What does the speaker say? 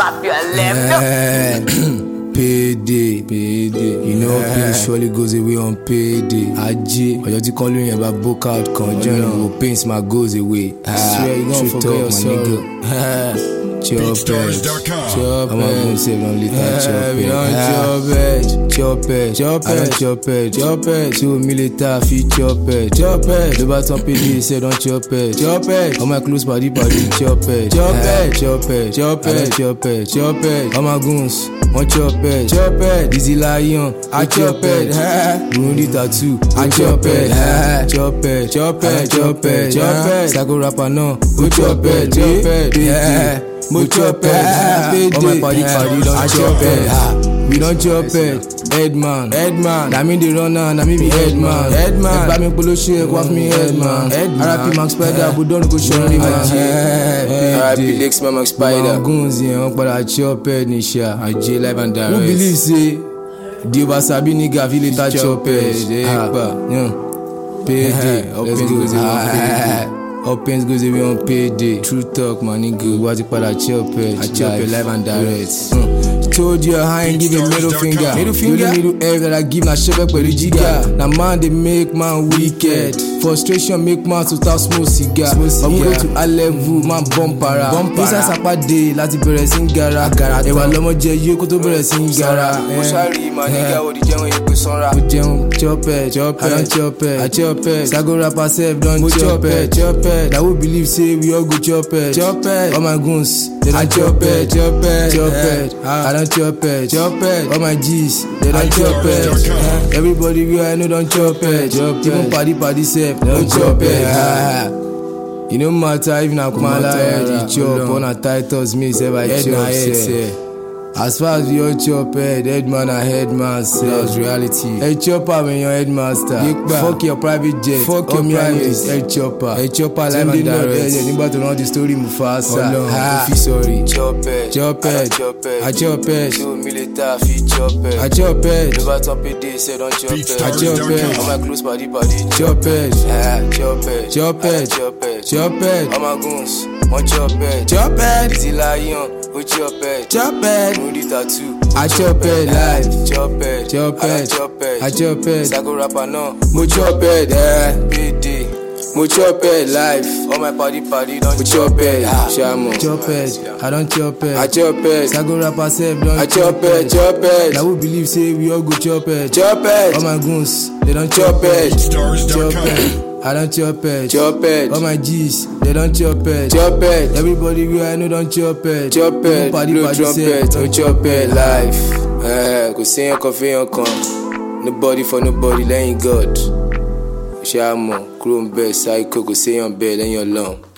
slap your payday eh, payday you know eh. pain surely goes away on payday ajé ọjọ́ tí kọ́lù yẹn bá book out kan join you go pain ma goes away i swear you gon forget your sorrow. chop edge. I'm not gonna save on little chop edge. Chop edge, chop edge, chop edge, chop edge, chop edge. Two milita fi chop edge, chop edge. The baton PD said don't chop edge, chop edge. All my close body body chop edge, chop edge, chop edge, chop edge, chop edge, chop edge. All my goons wọ́n chop edge, chop edge. Dizzy lion, I chop edge. Burundi tattoo, I chop edge, chop edge, chop edge, chop edge, chop edge. Sakura rapper náà, ó chop edge, chop edge. Mw chopej, pe di, a chopej Mw don chopej, Edman, Edman Nami di ronan, nami mi Edman Edman, e pa men kolo shek wak mi Edman Edman, a rapi Max Spider, budon nko chone di man Aje, aje, aje, aje, aje, aje Aje, aje, aje, aje, aje, aje Aje, aje, aje, aje, aje Aje, aje, aje, aje, aje Open in Goosey, we on payday. True talk, my nigga. What you call a chop it? I chop it live and direct. Mm. Told you I ain't giving middle finger. Middle finger? You the middle F that I give, na shop back with the jigger. Now man, they make man wicked. frustration make man to ta smoke cigar upgrade to high level man bọ́n para musa sàpàdé láti bẹ̀rẹ̀ sí ń gara ẹ̀wà lọ́mọ jẹ yíyó kó tó bẹ̀rẹ̀ sí ń gara. mo sáré eh. màá ní gáwó eh. di jẹun ìpè sanra. mo jẹun chopẹ chopẹ i don chopẹ i chopẹ sago rapper sef don chopẹ chopẹ na believe say we all go chopẹ chopẹ all my guns dem don chopẹ chopẹ chopẹ i don chopẹ chopẹ all my g's dem don chopẹ eh. everybody wey i know don chopẹ even padi padi sef. step don chop it. You no matter if na kumala head, you chop. Or na titles, me sef, I chop. As far as your chop head, headman and headmaster, that's reality. Head chopper when your headmaster. Fuck your private jet. Fuck your private head chopper. Head chopper live and direct. Nígbà tó know the story Mufasa. Ọlọ́run oh, kò fi sorry. Chop head. Chop head. I chop head. Two milita fi chop head. chop head. Never top it, pé dé don't chop head. chop head. All my close party party. Chop head. Chop head. Chop head. Chop it, All my goons, want chop it, Chop head. Easy lion, who chop it, Chop head. Moody tattoo. I chop it, live. Chop it, Chop it. I Chop it, I chop head. Sago rapper no. Mo chop it, Eh. Payday. Mo chop it, live. All my party party don't. Mo chop it. Shamo. Chop it, I don't chop it, I chop head. Sago rapper sef don. I chop it, Chop it. Na who believe say we all go chop it, Chop it. All my goons, they don't chop it, Chop it. I don't chop it. Chop it. All my G's, they don't chop it. Chop it. Everybody we I know don't chop it. Chop it. No Party, Blow party, trumpet, don't chop it. Life. Eh, kò séyàn kan féyàn kan. Nobody for nobody lẹ́yìn God. Ṣé a mọ̀ kúrò ń bẹ̀ ṣáíkò kò séyàn then lẹ́yìn Ọlọ́run.